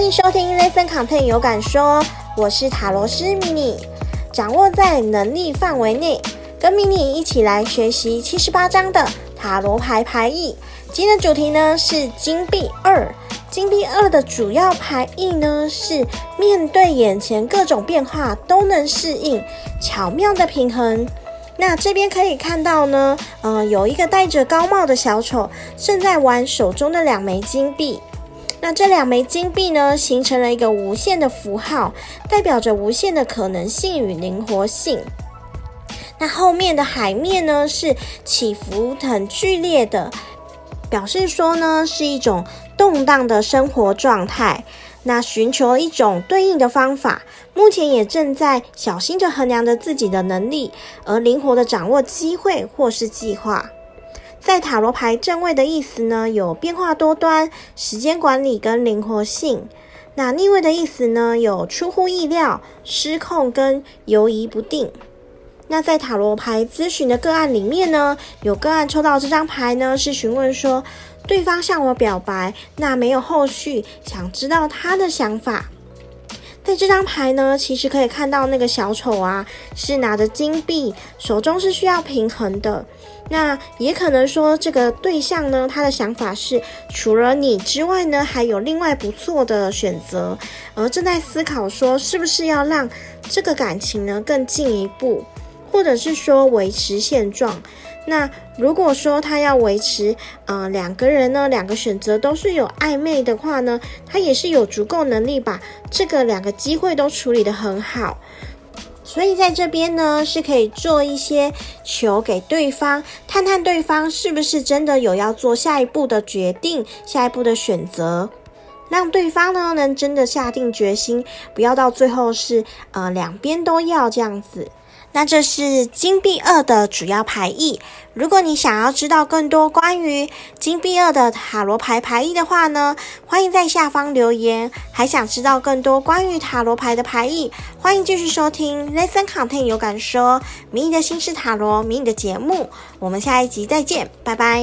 歡迎收聽 Listen Content 有感說哦，我是塔羅師 mini，掌握在能力範圍內，跟 mini 一起來學習七十八張的塔羅牌牌意。今天的主題呢是金幣二，金幣二的主要牌意呢是面對眼前各種變化都能適應，巧妙的平衡。那這邊可以看到呢，嗯、呃，有一個戴着高帽的小丑正在玩手中的兩枚金幣。那這兩枚金幣呢，形成了一個無限的符號，代表着無限的可能性與靈活性。那後面的海面呢，是起伏很劇烈的，表示說呢，是一種動盪的生活狀態。那尋求一種對應的方法，目前也正在小心的衡量着自己的能力，而靈活的掌握機會或是計劃。在塔羅牌正位的意思呢，有變化多端、時間管理跟靈活性。那逆位的意思呢，有出乎意料、失控跟猶疑不定。那在塔羅牌諮詢的個案裡面呢，有個案抽到這張牌呢，是詢問說對方向我表白，那沒有後續，想知道他的想法。這張牌呢，其實可以看到那個小丑啊，是拿着金幣，手中是需要平衡的。那也可能說，這個對象呢，他的想法是除了你之外呢，還有另外不錯的選擇，而正在思考說，是不是要讓這個感情呢更進一步，或者是說維持現狀。那如果說他要維持，呃，兩個人呢，兩個選擇都是有曖昧的話呢，他也是有足夠能力把這個兩個機會都處理得很好。所以在這邊呢，是可以做一些求給對方，探探對方是不是真的有要做下一步的決定，下一步的選擇，讓對方呢能真的下定決心，不要到最後是呃兩邊都要這樣子。那這是金幣二的主要牌意。如果你想要知道更多關於金幣二的塔羅牌牌意的話呢，歡迎在下方留言。還想知道更多關於塔羅牌的牌意？歡迎繼續收聽《Listen Content 有感說迷你的新式塔羅迷你》的節目。我們下一集再見，拜拜。